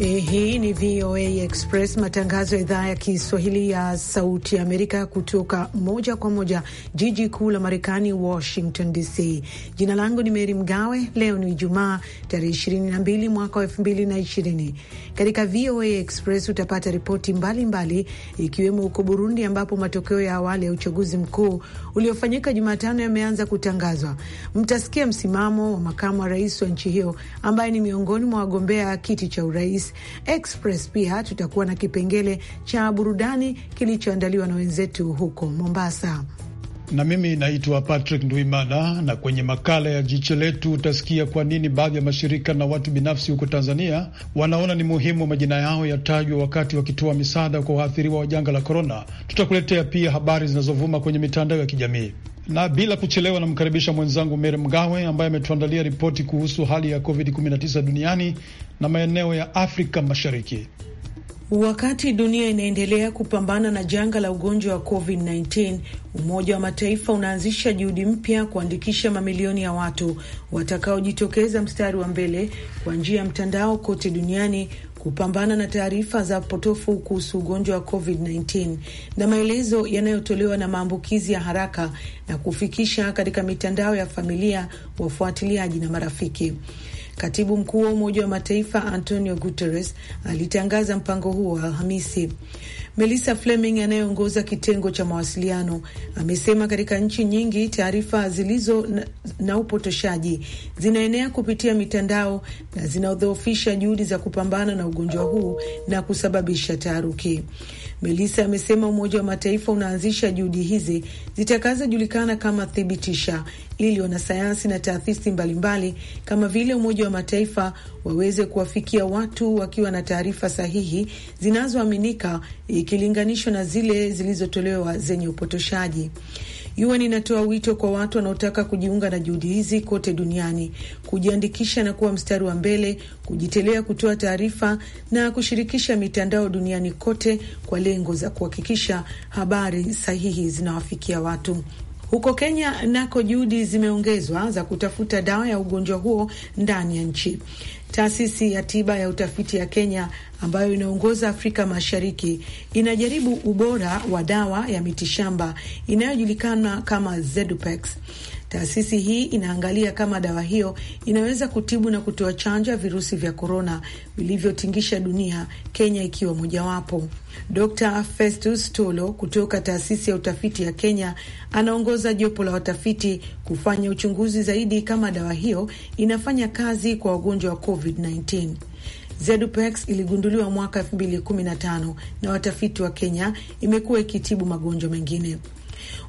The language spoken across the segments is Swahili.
Eh, hii ni VOA Express, matangazo ya idhaa ya Kiswahili ya Sauti ya Amerika kutoka moja kwa moja jiji kuu la Marekani, Washington DC. Jina langu ni Meri Mgawe. Leo ni Ijumaa tarehe 22 mwaka wa 2020. Katika VOA Express utapata ripoti mbalimbali, ikiwemo huko Burundi ambapo matokeo ya awali ya uchaguzi mkuu uliofanyika Jumatano yameanza kutangazwa. Mtasikia msimamo wa makamu wa rais wa nchi hiyo ambaye ni miongoni mwa wagombea kiti cha urais. Express pia tutakuwa na kipengele cha burudani kilichoandaliwa na wenzetu huko Mombasa na mimi naitwa Patrick Ndwimana, na kwenye makala ya jicho letu utasikia kwa nini baadhi ya mashirika na watu binafsi huko Tanzania wanaona ni muhimu majina yao yatajwa wakati wakitoa misaada kwa waathiriwa wa janga la korona. Tutakuletea pia habari zinazovuma kwenye mitandao ya kijamii, na bila kuchelewa, namkaribisha mwenzangu mery Mgawe ambaye ametuandalia ripoti kuhusu hali ya COVID-19 duniani na maeneo ya Afrika Mashariki. Wakati dunia inaendelea kupambana na janga la ugonjwa wa COVID-19, Umoja wa Mataifa unaanzisha juhudi mpya kuandikisha mamilioni ya watu watakaojitokeza mstari wa mbele kwa njia ya mtandao kote duniani kupambana na taarifa za potofu kuhusu ugonjwa wa COVID-19 na maelezo yanayotolewa na maambukizi ya haraka na kufikisha katika mitandao ya familia, wafuatiliaji na marafiki. Katibu mkuu wa Umoja wa Mataifa Antonio Guterres alitangaza mpango huo Alhamisi. Melissa Fleming anayeongoza kitengo cha mawasiliano amesema katika nchi nyingi taarifa zilizo na, na upotoshaji zinaenea kupitia mitandao na zinadhoofisha juhudi za kupambana na ugonjwa huu na kusababisha taharuki. Melissa amesema Umoja wa Mataifa unaanzisha juhudi hizi zitakazojulikana kama thibitisha, ili wanasayansi na taasisi mbalimbali kama vile Umoja wa Mataifa waweze kuwafikia watu wakiwa na taarifa sahihi zinazoaminika ikilinganishwa na zile zilizotolewa zenye upotoshaji. UN inatoa wito kwa watu wanaotaka kujiunga na juhudi hizi kote duniani kujiandikisha na kuwa mstari wa mbele, kujitolea kutoa taarifa na kushirikisha mitandao duniani kote kwa lengo za kuhakikisha habari sahihi zinawafikia watu. Huko Kenya nako juhudi zimeongezwa za kutafuta dawa ya ugonjwa huo ndani ya nchi. Taasisi ya tiba ya utafiti ya Kenya ambayo inaongoza Afrika Mashariki inajaribu ubora wa dawa ya mitishamba inayojulikana kama Zedupex. Taasisi hii inaangalia kama dawa hiyo inaweza kutibu na kutoa chanjo ya virusi vya korona vilivyotingisha dunia, Kenya ikiwa mojawapo. Dr Festus Tolo kutoka taasisi ya utafiti ya Kenya anaongoza jopo la watafiti kufanya uchunguzi zaidi kama dawa hiyo inafanya kazi kwa wagonjwa wa COVID-19. Zedupex iligunduliwa mwaka 2015 na watafiti wa Kenya, imekuwa ikitibu magonjwa mengine.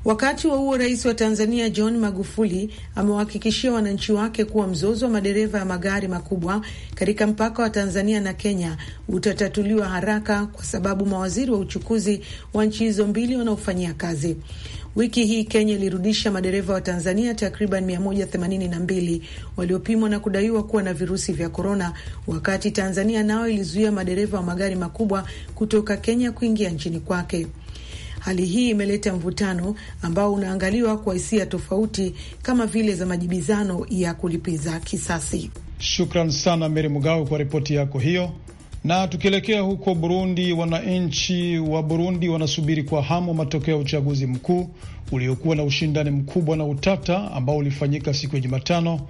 Wakati wa huo rais wa Tanzania John Magufuli amewahakikishia wananchi wake kuwa mzozo wa madereva ya magari makubwa katika mpaka wa Tanzania na Kenya utatatuliwa haraka kwa sababu mawaziri wa uchukuzi wa nchi hizo mbili wanaofanyia kazi. Wiki hii Kenya ilirudisha madereva wa Tanzania takriban 182 waliopimwa na kudaiwa kuwa na virusi vya korona, wakati Tanzania nao ilizuia madereva wa magari makubwa kutoka Kenya kuingia nchini kwake. Hali hii imeleta mvutano ambao unaangaliwa kwa hisia tofauti kama vile za majibizano ya kulipiza kisasi. Shukran sana Meri Mgawe kwa ripoti yako hiyo. Na tukielekea huko Burundi, wananchi wa Burundi wanasubiri kwa hamu matokeo ya uchaguzi mkuu uliokuwa na ushindani mkubwa na utata ambao ulifanyika siku ya Jumatano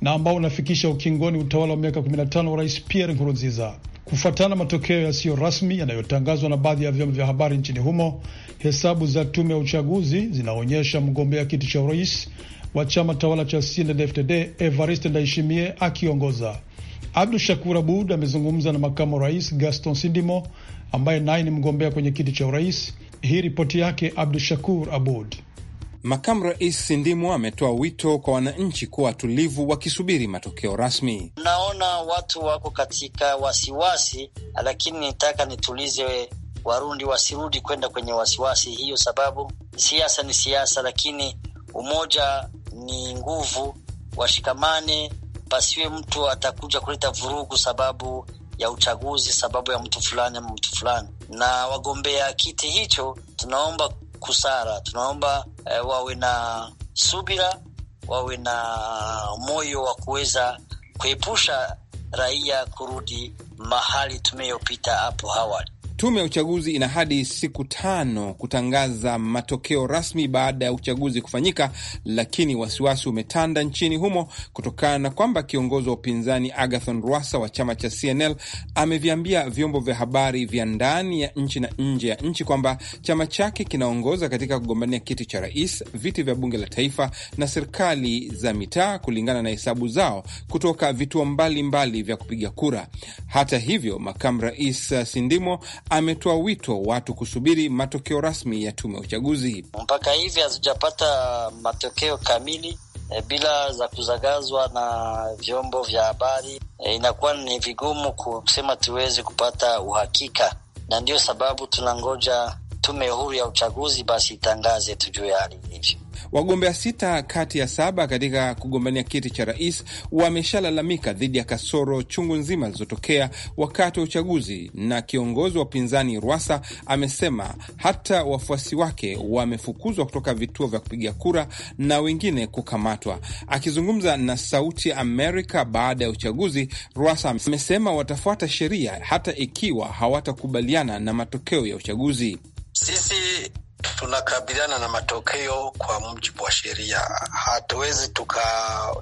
na ambao unafikisha ukingoni utawala wa miaka 15 wa Rais Pierre Nkurunziza. Kufuatana matokeo yasiyo rasmi yanayotangazwa na baadhi ya vyombo vya habari nchini humo, hesabu za tume ya uchaguzi zinaonyesha mgombea kiti cha urais wa chama tawala cha CNDD-FDD Evariste Ndayishimiye akiongoza. Abdu Shakur Abud amezungumza na makamu rais Gaston Sindimo ambaye naye ni mgombea kwenye kiti cha urais. Hii ripoti yake Abdu Shakur Abud. Makamu Rais Sindimwa ametoa wito kwa wananchi kuwa watulivu wakisubiri matokeo rasmi. Naona watu wako katika wasiwasi, lakini nitaka nitulize Warundi wasirudi kwenda kwenye wasiwasi hiyo, sababu siasa ni siasa, lakini umoja ni nguvu. Washikamane, pasiwe mtu atakuja kuleta vurugu sababu ya uchaguzi, sababu ya mtu fulani ama mtu fulani. Na wagombea kiti hicho, tunaomba kusara. Tunaomba eh, wawe na subira, wawe na moyo wa kuweza kuepusha raia kurudi mahali tumeyopita hapo awali. Tume ya uchaguzi ina hadi siku tano kutangaza matokeo rasmi baada ya uchaguzi kufanyika, lakini wasiwasi umetanda nchini humo kutokana na kwamba kiongozi wa upinzani Agathon Rwasa wa chama cha CNL ameviambia vyombo vya habari vya ndani ya nchi na nje ya nchi kwamba chama chake kinaongoza katika kugombania kiti cha rais, viti vya bunge la taifa na serikali za mitaa, kulingana na hesabu zao kutoka vituo mbalimbali mbali vya kupiga kura. Hata hivyo, makamu rais Sindimo ametoa wito watu kusubiri matokeo rasmi ya tume ya uchaguzi. Mpaka hivi hazijapata matokeo kamili e, bila za kuzagazwa na vyombo vya habari e, inakuwa ni vigumu kusema tuweze kupata uhakika, na ndiyo sababu tunangoja tume huru ya uchaguzi basi itangaze tujue hali ilivyo. Wagombea sita kati ya saba katika kugombania kiti cha rais wameshalalamika dhidi ya kasoro chungu nzima zilizotokea wakati wa uchaguzi, na kiongozi wa upinzani Rwasa amesema hata wafuasi wake wamefukuzwa kutoka vituo vya kupiga kura na wengine kukamatwa. Akizungumza na Sauti ya Amerika baada ya uchaguzi, Rwasa amesema watafuata sheria hata ikiwa hawatakubaliana na matokeo ya uchaguzi. Sisi tunakabiliana na matokeo kwa mujibu wa sheria. Hatuwezi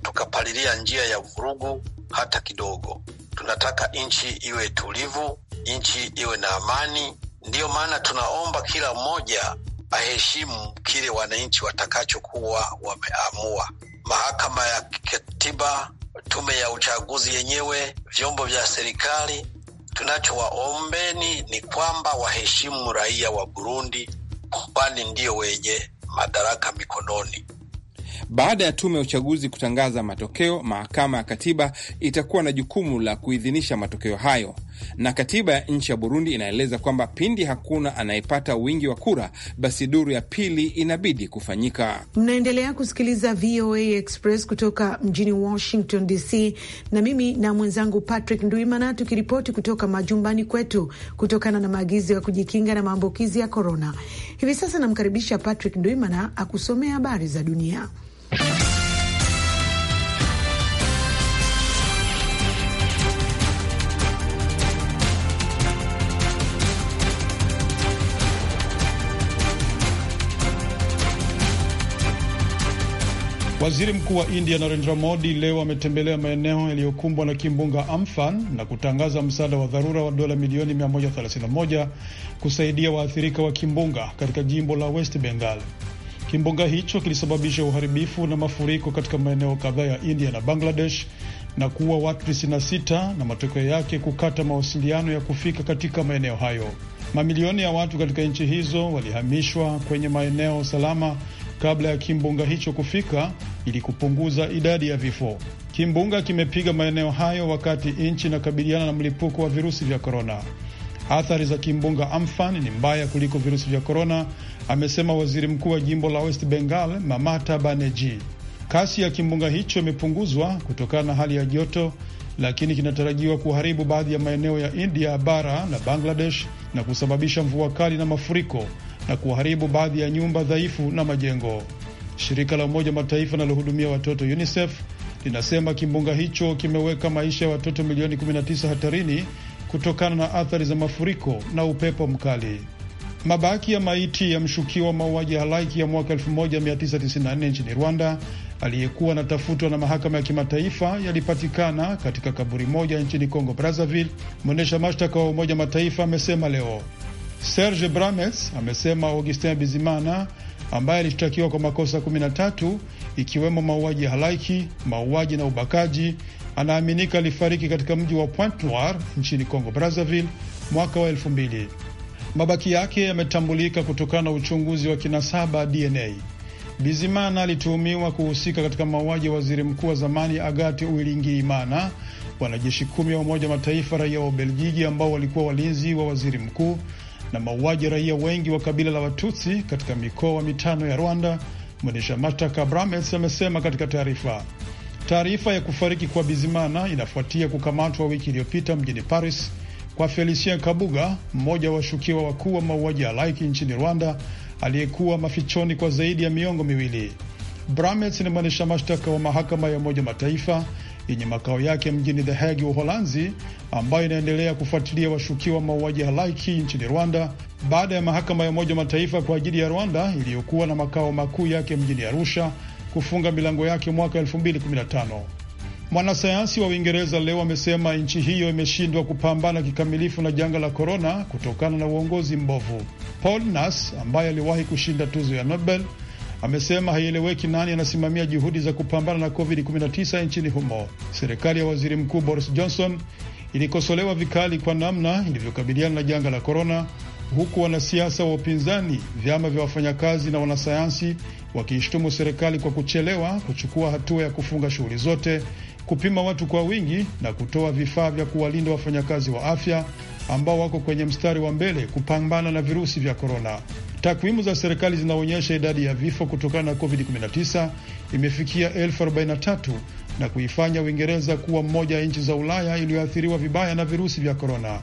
tukapalilia tuka njia ya vurugu hata kidogo. Tunataka nchi iwe tulivu, nchi iwe na amani. Ndiyo maana tunaomba kila mmoja aheshimu kile wananchi watakachokuwa wameamua. Mahakama ya Katiba, tume ya uchaguzi yenyewe, vyombo vya serikali, tunachowaombeni ni kwamba waheshimu raia wa Burundi kwani ndio wenye madaraka mikononi. Baada ya tume ya uchaguzi kutangaza matokeo, mahakama ya katiba itakuwa na jukumu la kuidhinisha matokeo hayo na katiba ya nchi ya Burundi inaeleza kwamba pindi hakuna anayepata wingi wa kura, basi duru ya pili inabidi kufanyika. Mnaendelea kusikiliza VOA Express kutoka mjini Washington DC, na mimi na mwenzangu Patrick Nduimana tukiripoti kutoka majumbani kwetu kutokana na maagizo ya kujikinga na maambukizi ya korona. Hivi sasa namkaribisha Patrick Nduimana akusomea habari za dunia. Waziri Mkuu wa India Narendra Modi leo ametembelea maeneo yaliyokumbwa na kimbunga amfan na kutangaza msaada wa dharura wa dola milioni 131 kusaidia waathirika wa kimbunga katika jimbo la West Bengal. Kimbunga hicho kilisababisha uharibifu na mafuriko katika maeneo kadhaa ya India na Bangladesh na kuua watu 96 na matokeo yake kukata mawasiliano ya kufika katika maeneo hayo. Mamilioni ya watu katika nchi hizo walihamishwa kwenye maeneo salama kabla ya kimbunga hicho kufika ili kupunguza idadi ya vifo. Kimbunga kimepiga maeneo hayo wakati nchi inakabiliana na mlipuko wa virusi vya korona. Athari za kimbunga amfan ni mbaya kuliko virusi vya korona, amesema waziri mkuu wa jimbo la West Bengal Mamata Baneji. Kasi ya kimbunga hicho imepunguzwa kutokana na hali ya joto, lakini kinatarajiwa kuharibu baadhi ya maeneo ya India bara na Bangladesh na kusababisha mvua kali na mafuriko na kuharibu baadhi ya nyumba dhaifu na majengo. Shirika la Umoja Mataifa linalohudumia watoto UNICEF linasema kimbunga hicho kimeweka maisha ya watoto milioni 19 hatarini kutokana na athari za mafuriko na upepo mkali. Mabaki ya maiti ya mshukiwa mauaji halaiki ya mwaka 1994 nchini Rwanda aliyekuwa anatafutwa na mahakama ya kimataifa yalipatikana katika kaburi moja nchini Kongo Brazzaville, mwendesha mashtaka wa Umoja Mataifa amesema leo. Serge Brames amesema Augustin Bizimana ambaye alishtakiwa kwa makosa 13 ikiwemo mauaji halaiki, mauaji na ubakaji, anaaminika alifariki katika mji wa Pointe Noire nchini Congo Brazzaville mwaka wa 2000. Mabaki yake yametambulika kutokana na uchunguzi wa kinasaba DNA. Bizimana alituhumiwa kuhusika katika mauaji ya waziri mkuu wa zamani Agathe Uwilingiyimana. Wanajeshi kumi wa Umoja Mataifa raia wa Ubelgiji ambao walikuwa walinzi wa waziri mkuu na mauaji raia wengi wa kabila la Watutsi katika mikoa mitano ya Rwanda. Mwendesha mashtaka Brames amesema katika taarifa. Taarifa ya kufariki kwa Bizimana inafuatia kukamatwa wiki iliyopita mjini Paris kwa Felicien Kabuga, mmoja wa washukiwa wakuu wa mauaji ya halaiki nchini Rwanda, aliyekuwa mafichoni kwa zaidi ya miongo miwili. Brames ni mwendesha mashtaka wa mahakama ya Umoja Mataifa yenye makao yake mjini The Hague, Uholanzi, ambayo inaendelea kufuatilia washukiwa mauaji halaiki nchini Rwanda baada ya mahakama ya Umoja Mataifa kwa ajili ya Rwanda iliyokuwa na makao makuu yake mjini Arusha kufunga milango yake mwaka 2015. Mwanasayansi wa Uingereza leo amesema nchi hiyo imeshindwa kupambana kikamilifu na janga la korona kutokana na uongozi mbovu. Paul Nas ambaye aliwahi kushinda tuzo ya Nobel amesema haieleweki nani anasimamia juhudi za kupambana na COVID-19 nchini humo. Serikali ya waziri mkuu Boris Johnson ilikosolewa vikali kwa namna ilivyokabiliana na janga la korona, huku wanasiasa wa upinzani, vyama vya wafanyakazi na wanasayansi wakiishtumu serikali kwa kuchelewa kuchukua hatua ya kufunga shughuli zote, kupima watu kwa wingi na kutoa vifaa vya kuwalinda wafanyakazi wa afya ambao wako kwenye mstari wa mbele kupambana na virusi vya korona. Takwimu za serikali zinaonyesha idadi ya vifo kutokana na COVID-19 imefikia elfu arobaini na tatu na kuifanya Uingereza kuwa mmoja ya nchi za Ulaya iliyoathiriwa vibaya na virusi vya korona.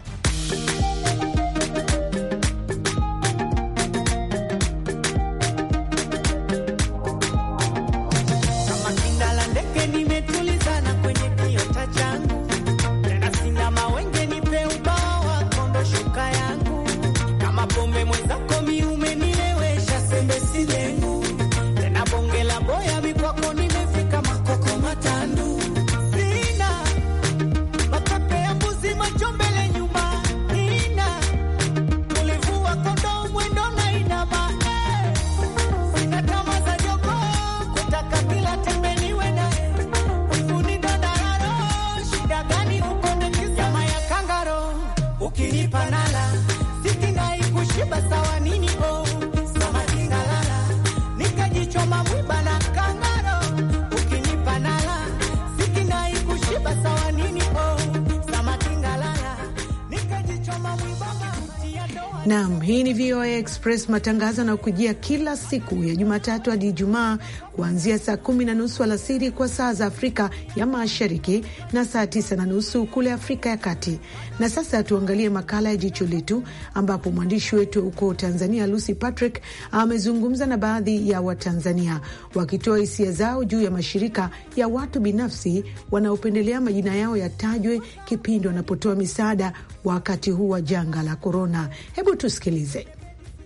Nam, hii ni VOA Express, matangazo yanayokujia kila siku ya Jumatatu hadi Ijumaa kuanzia saa kumi na nusu alasiri kwa saa za Afrika ya Mashariki na saa tisa na nusu kule Afrika ya Kati. Na sasa tuangalie makala ya Jicho Letu, ambapo mwandishi wetu huko Tanzania Lucy Patrick amezungumza na baadhi ya Watanzania wakitoa hisia zao juu ya mashirika ya watu binafsi wanaopendelea majina yao yatajwe kipindi wanapotoa misaada wakati huu wa janga la korona. Hebu Hebu tusikilize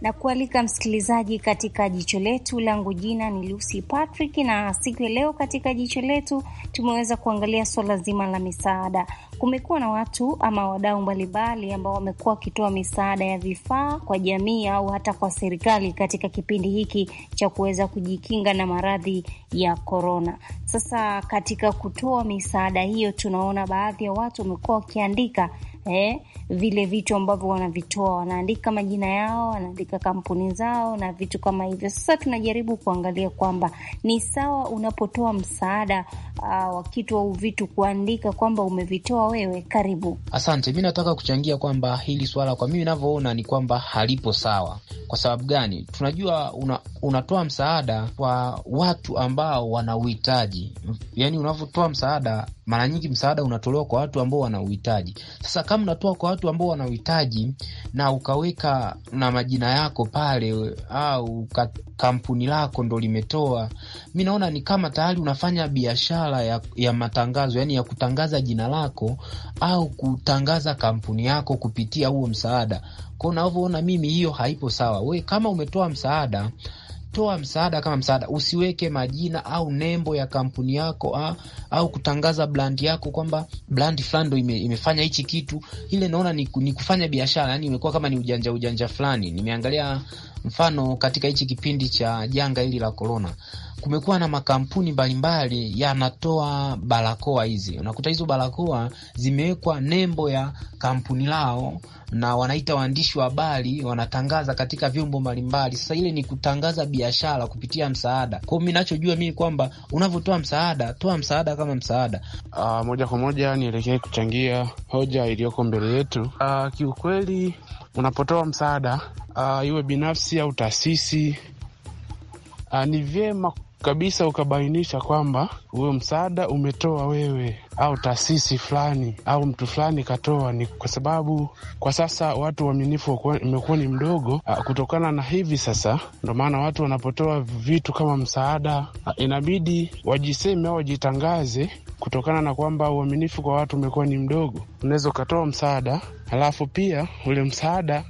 na kualika msikilizaji katika jicho letu. Langu jina ni Lucy Patrick, na siku ya leo katika jicho letu tumeweza kuangalia suala zima la misaada. Kumekuwa na watu ama wadau mbalimbali ambao wamekuwa wakitoa misaada ya vifaa kwa jamii au hata kwa serikali katika kipindi hiki cha kuweza kujikinga na maradhi ya korona. Sasa katika kutoa misaada hiyo, tunaona baadhi ya watu wamekuwa wakiandika eh, vile vitu ambavyo wanavitoa, wanaandika majina yao, wanaandika kampuni zao na vitu kama hivyo. Sasa tunajaribu kuangalia kwamba ni sawa unapotoa msaada uh, wa kitu au vitu kuandika kwamba umevitoa wewe. Karibu. Asante, mi nataka kuchangia kwamba hili swala kwa mimi inavyoona ni kwamba halipo sawa. Kwa sababu gani? Tunajua una, unatoa msaada kwa watu ambao wana uhitaji, yani unavyotoa msaada, mara nyingi msaada unatolewa kwa watu ambao wana uhitaji. Sasa kama unatoa kwa watu ambao uhitaji na ukaweka na majina yako pale, au kampuni lako ndo limetoa, mi naona ni kama tayari unafanya biashara ya, ya matangazo, yani ya kutangaza jina lako au kutangaza kampuni yako kupitia huo msaada. Kwa unavyoona mimi, hiyo haipo sawa. We kama umetoa msaada toa msaada kama msaada, usiweke majina au nembo ya kampuni yako ha, ah, au kutangaza brand yako kwamba brand fulani ndo ime, imefanya hichi kitu. Ile naona ni, ni kufanya biashara, yani imekuwa kama ni ujanja ujanja fulani. Nimeangalia mfano katika hichi kipindi cha janga hili la korona kumekuwa na makampuni mbalimbali yanatoa barakoa hizi. Unakuta hizo barakoa zimewekwa nembo ya kampuni lao, na wanaita waandishi wa habari, wanatangaza katika vyombo mbalimbali. Sasa ile ni kutangaza biashara kupitia msaada. Kwao mi nachojua mii kwamba unavyotoa msaada, toa msaada kama msaada. Aa, ah, moja kwa moja nielekee kuchangia hoja iliyoko mbele yetu. Ah, kiukweli unapotoa msaada, uh, iwe binafsi au taasisi uh, ni vyema kabisa ukabainisha kwamba huyo msaada umetoa wewe au taasisi fulani au mtu fulani katoa, ni kwa sababu kwa sasa watu uaminifu umekuwa ni mdogo ah, kutokana na hivi sasa. Ndo maana watu wanapotoa vitu kama msaada, ah, inabidi wajiseme au wajitangaze, kutokana na kwamba uaminifu kwa watu umekuwa ni mdogo. Unaweza ukatoa msaada, halafu pia ule msaada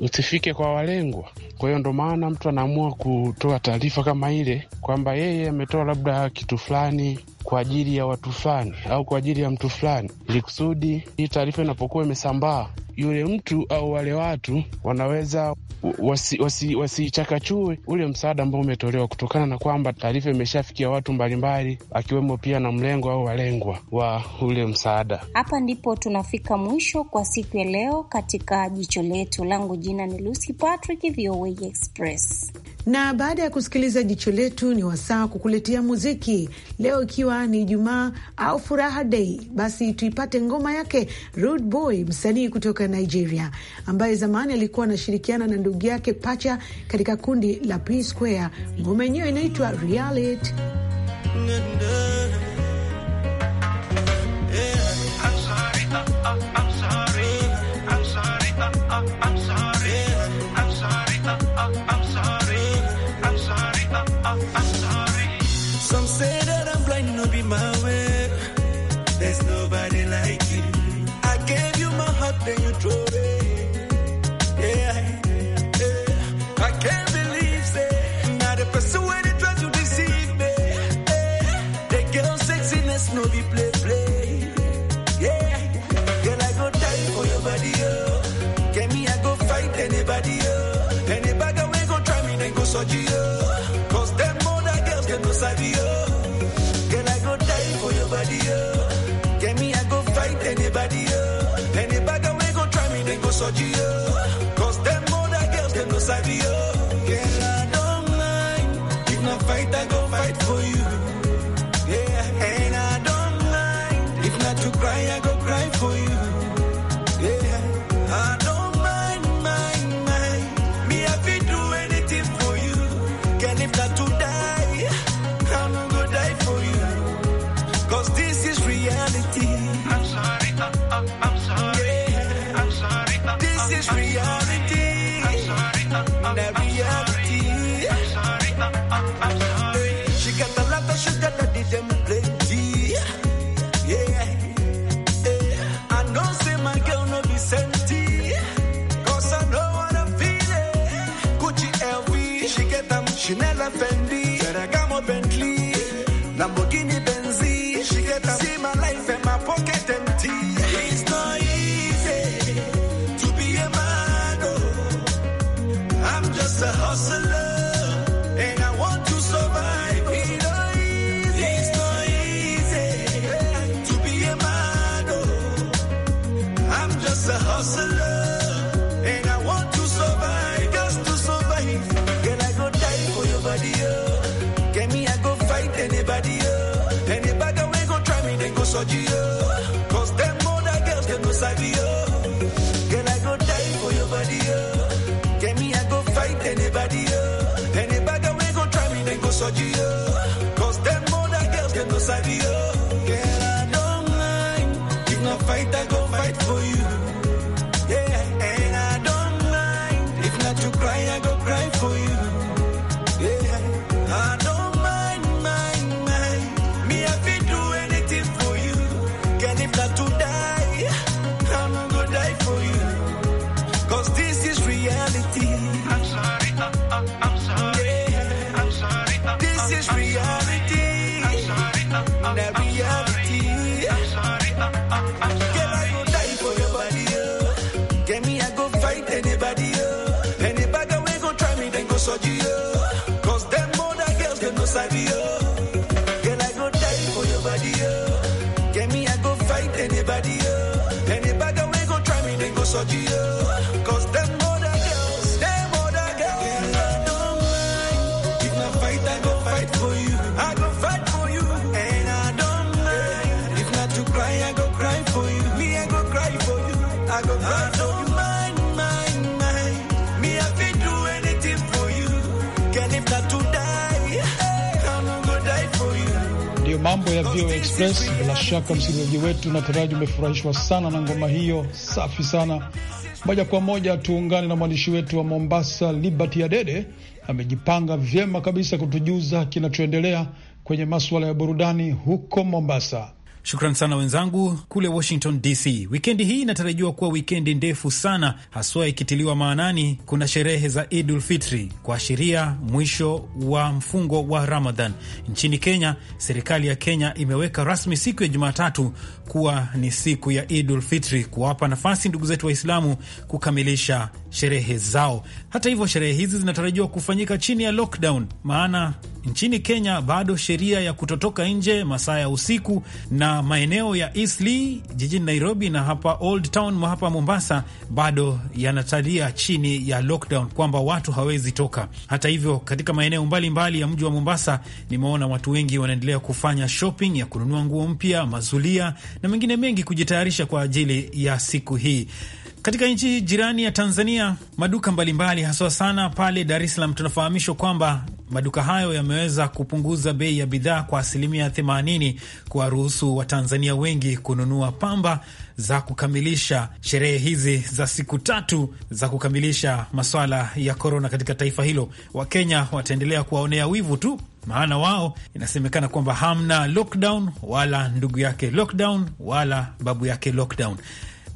usifike kwa walengwa. Kwa hiyo ndo maana mtu anaamua kutoa taarifa kama ile kwamba yeye ametoa labda kitu fulani kwa ajili ya watu fulani au kwa ajili ya mtu fulani, ili kusudi hii taarifa inapokuwa imesambaa, yule mtu au wale watu wanaweza wasichakachue wasi, wasi ule msaada ambao umetolewa, kutokana na kwamba taarifa imeshafikia watu mbalimbali, akiwemo pia na mlengo au walengwa wa ule msaada. Hapa ndipo tunafika mwisho kwa siku ya leo katika jicho letu. Langu jina ni Lucy Patrick, VOA VOA Express. Na baada ya kusikiliza jicho letu, ni wasaa kukuletea muziki leo, ikiwa ni Ijumaa au furaha dei, basi tuipate ngoma yake Rude Boy, msanii kutoka Nigeria ambaye zamani alikuwa anashirikiana na ndugu yake Pacha katika kundi la P Square. Ngoma yenyewe inaitwa Reality. Cause them other girls, them Girl, I don't mind. If fight, I go fight for you. Cause them other girls, Girl, I go die for your body, oh. Get me, I go fight anybody, oh. Anybody go try me, then go surgery, oh. You. mambo ya VOA Express. Bila shaka msikilizaji wetu, nataraji umefurahishwa sana na ngoma hiyo safi sana. Moja kwa moja tuungane na mwandishi wetu wa Mombasa, Liberty Adede. Amejipanga vyema kabisa kutujuza kinachoendelea kwenye masuala ya burudani huko Mombasa. Shukran sana wenzangu kule Washington DC. Wikendi hii inatarajiwa kuwa wikendi ndefu sana, haswa ikitiliwa maanani kuna sherehe za Idul Fitri kuashiria mwisho wa mfungo wa Ramadhan. Nchini Kenya, serikali ya Kenya imeweka rasmi siku ya Jumatatu kuwa ni siku ya Idul Fitri, kuwapa nafasi ndugu zetu Waislamu kukamilisha sherehe zao. Hata hivyo, sherehe hizi zinatarajiwa kufanyika chini ya lockdown, maana Nchini Kenya bado sheria ya kutotoka nje masaa ya usiku na maeneo ya Eastleigh jijini Nairobi na hapa Old Town hapa Mombasa bado yanatalia chini ya lockdown, kwamba watu hawezi toka. Hata hivyo, katika maeneo mbalimbali ya mji wa Mombasa nimeona watu wengi wanaendelea kufanya shopping ya kununua nguo mpya, mazulia na mengine mengi, kujitayarisha kwa ajili ya siku hii. Katika nchi jirani ya Tanzania, maduka mbalimbali haswa sana pale Dar es Salaam, tunafahamishwa kwamba maduka hayo yameweza kupunguza bei ya bidhaa kwa asilimia 80 kuwaruhusu Watanzania wengi kununua pamba za kukamilisha sherehe hizi za siku tatu za kukamilisha maswala ya korona katika taifa hilo. Wakenya wataendelea kuwaonea wivu tu, maana wao inasemekana kwamba hamna lockdown wala ndugu yake lockdown wala babu yake lockdown.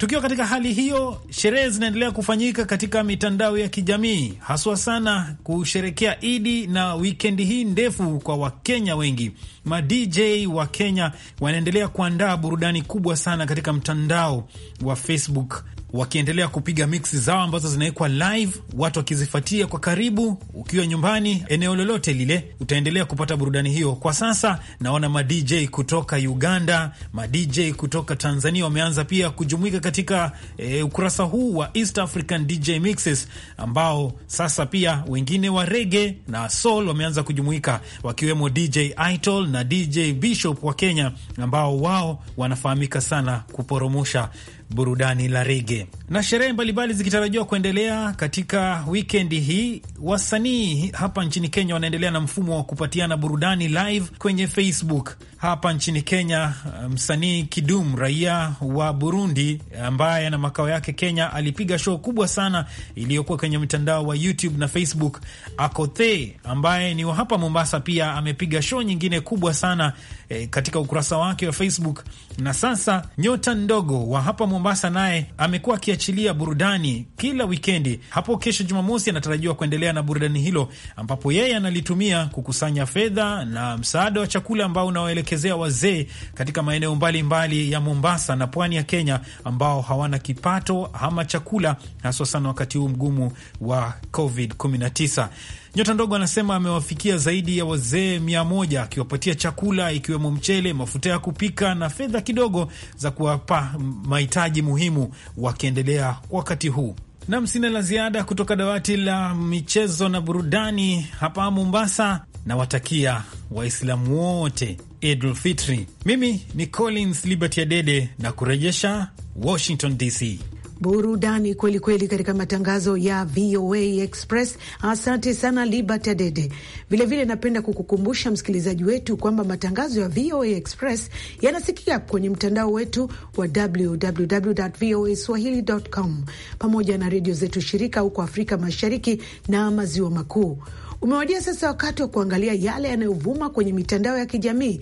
Tukiwa katika hali hiyo, sherehe zinaendelea kufanyika katika mitandao ya kijamii haswa sana kusherekea Idi na wikendi hii ndefu kwa Wakenya wengi. Ma DJ wa Kenya wanaendelea kuandaa burudani kubwa sana katika mtandao wa Facebook wakiendelea kupiga mixi zao ambazo zinawekwa live, watu wakizifuatia kwa karibu. Ukiwa nyumbani, eneo lolote lile, utaendelea kupata burudani hiyo. Kwa sasa naona ma DJ kutoka Uganda, ma DJ kutoka Tanzania wameanza pia kujumuika katika e, ukurasa huu wa East African DJ Mixes, ambao sasa pia wengine wa rege na soul wameanza kujumuika, wakiwemo DJ Itol na DJ Bishop wa Kenya, ambao wao wanafahamika sana kuporomosha burudani la rege na sherehe mbalimbali zikitarajiwa kuendelea katika wikendi hii. Wasanii hapa nchini Kenya wanaendelea na mfumo wa kupatiana burudani live kwenye Facebook hapa nchini Kenya, msanii Kidum raia wa Burundi ambaye ana makao yake Kenya alipiga show kubwa sana iliyokuwa kwenye mtandao wa YouTube na Facebook. Akothe ambaye ni wa hapa Mombasa pia amepiga show nyingine kubwa sana e, katika ukurasa wake wa Facebook. Na sasa nyota ndogo wa hapa Mombasa naye amekuwa akiachilia burudani kila wikendi. Hapo kesho Jumamosi anatarajiwa kuendelea na burudani hilo, ambapo yeye analitumia kukusanya fedha na msaada wa chakula ambao unaoelekea kuwaelekezea wazee katika maeneo mbalimbali ya Mombasa na pwani ya Kenya ambao hawana kipato ama chakula, haswa sana wakati huu mgumu wa COVID-19. Nyota Ndogo anasema amewafikia zaidi ya wazee mia moja akiwapatia chakula ikiwemo mchele, mafuta ya kupika na fedha kidogo za kuwapa mahitaji muhimu wakiendelea wakati huu. Nam, sina la ziada kutoka dawati la michezo na burudani hapa Mombasa. Nawatakia Waislamu wote Idul Fitri. Mimi ni Collins Liberty Adede na kurejesha Washington DC. Burudani kweli kweli katika matangazo ya VOA Express. Asante sana Libert Adede. Vilevile napenda kukukumbusha msikilizaji wetu kwamba matangazo ya VOA Express yanasikia kwenye mtandao wetu wa www voa swahili.com pamoja na redio zetu shirika huko Afrika Mashariki na Maziwa Makuu. Umewadia sasa wakati wa kuangalia yale yanayovuma kwenye mitandao ya kijamii.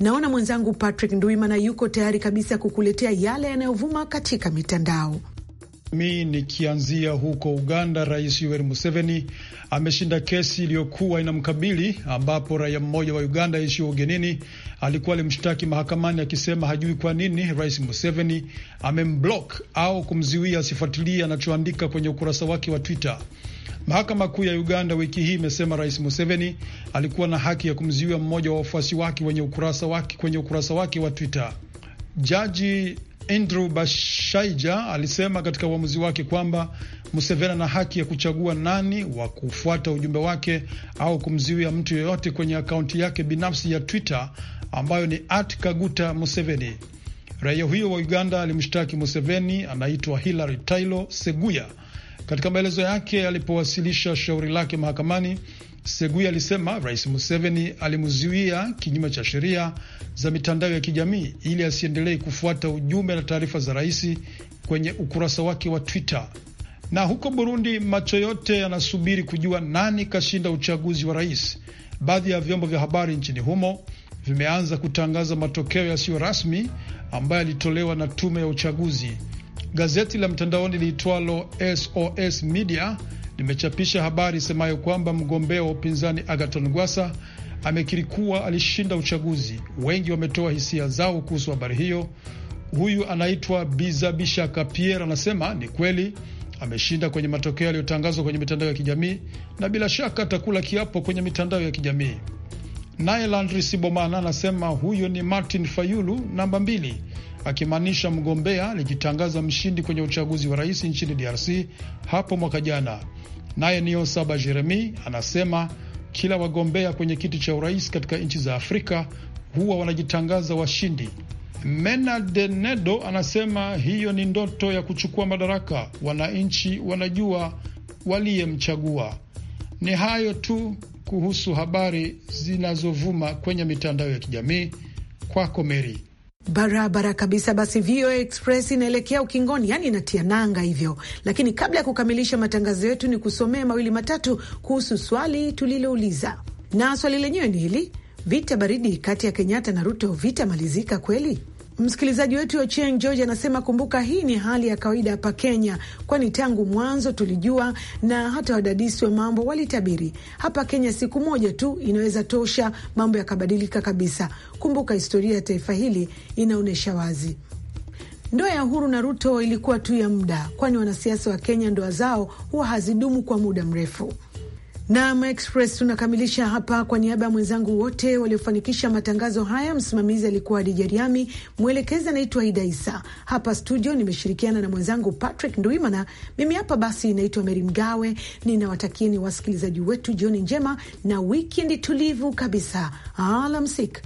Naona mwenzangu Patrick Ndwimana yuko tayari kabisa kukuletea yale yanayovuma katika mitandao. Mi nikianzia huko Uganda, Rais Yoweri Museveni ameshinda kesi iliyokuwa inamkabili ambapo raia mmoja wa Uganda aishiwa ugenini alikuwa alimshtaki mahakamani akisema hajui kwa nini Rais Museveni amemblok au kumziwia asifuatilie anachoandika kwenye ukurasa wake wa Twitter. Mahakama Kuu ya Uganda wiki hii imesema Rais Museveni alikuwa na haki ya kumziwia mmoja wa wafuasi wake wenye ukurasa wake kwenye ukurasa wake wa Twitter. Jaji Andrew Bashaija alisema katika uamuzi wake kwamba Museveni ana haki ya kuchagua nani wa kufuata ujumbe wake au kumziwia mtu yeyote kwenye akaunti yake binafsi ya Twitter ambayo ni at Kaguta Museveni. Raia huyo wa Uganda alimshtaki Museveni, anaitwa Hilary Tailo Seguya katika maelezo yake alipowasilisha shauri lake mahakamani, Segui alisema Rais Museveni alimzuia kinyume cha sheria za mitandao ya kijamii ili asiendelee kufuata ujumbe na taarifa za rais kwenye ukurasa wake wa Twitter. Na huko Burundi, macho yote yanasubiri kujua nani kashinda uchaguzi wa rais. Baadhi ya vyombo vya habari nchini humo vimeanza kutangaza matokeo yasiyo rasmi ambayo yalitolewa na tume ya uchaguzi. Gazeti la mtandaoni liitwalo SOS Media limechapisha habari isemayo kwamba mgombea wa upinzani Agaton Gwasa amekiri kuwa alishinda uchaguzi. Wengi wametoa hisia zao kuhusu habari hiyo. Huyu anaitwa Bizabishaka Pierre anasema ni kweli ameshinda kwenye matokeo yaliyotangazwa kwenye mitandao ya kijamii na bila shaka atakula kiapo kwenye mitandao ya kijamii. Naye Landry Sibomana anasema huyo ni Martin Fayulu namba mbili, akimaanisha mgombea alijitangaza mshindi kwenye uchaguzi wa rais nchini DRC hapo mwaka jana. Naye saba Jeremi anasema kila wagombea kwenye kiti cha urais katika nchi za Afrika huwa wanajitangaza washindi. de Nedo anasema hiyo ni ndoto ya kuchukua madaraka, wananchi wanajua waliyemchagua. Ni hayo tu kuhusu habari zinazovuma kwenye mitandao ya kijamii. Kwako Meri. Barabara kabisa. Basi VOA Express inaelekea ukingoni, yani inatia nanga hivyo, lakini kabla ya kukamilisha matangazo yetu, ni kusomea mawili matatu kuhusu swali tulilouliza, na swali lenyewe ni hili: vita baridi kati ya Kenyatta na Ruto vitamalizika kweli? Msikilizaji wetu Ochieng George anasema kumbuka, hii ni hali ya kawaida hapa Kenya, kwani tangu mwanzo tulijua na hata wadadisi wa mambo walitabiri. Hapa Kenya siku moja tu inaweza tosha mambo yakabadilika kabisa. Kumbuka historia ya taifa hili inaonyesha wazi. Ndoa ya Uhuru na Ruto ilikuwa tu ya muda, kwani wanasiasa wa Kenya ndoa zao huwa hazidumu kwa muda mrefu. Nam Express tunakamilisha hapa. Kwa niaba ya mwenzangu wote waliofanikisha matangazo haya, msimamizi alikuwa Adija Riami, mwelekezi anaitwa Ida Isa. Hapa studio nimeshirikiana na mwenzangu Patrick Nduimana. Mimi hapa basi naitwa Meri Mgawe, ninawatakieni wasikilizaji wetu jioni njema na wikendi tulivu kabisa. Alamsik.